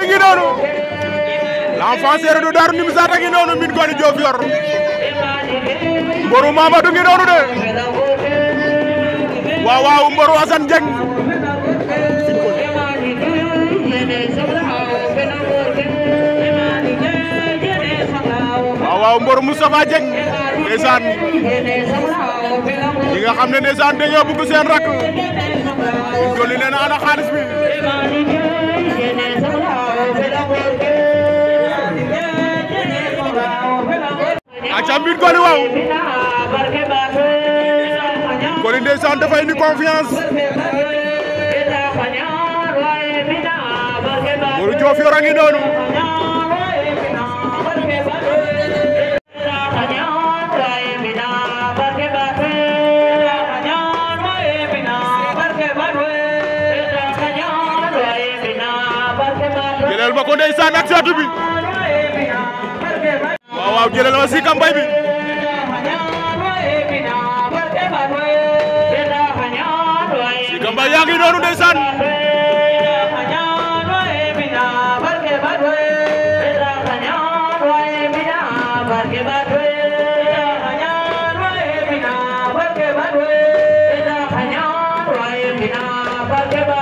mi ngi noonu l'enfant séeréer du Daaru Nimsaat a ngi noonu min goni joof yor mboru Mamadou ngi noonu de waaw mboru Assane Dieng waaw mboru Moustapha Dieng ndeysaan ñi nga xam ne ndeysaan dañoo bëgg seen rakk min goni nee na xaalis bi Thiamine Coly waaw Coly ndeysaan dafay ni confiance Modou Diouf yor ngi noonu jëleel ma ko ndeysaan ak saatu bi waaw jëlal ma si kambay bi si kambay yaa ngi noonu ndeysaan Bye.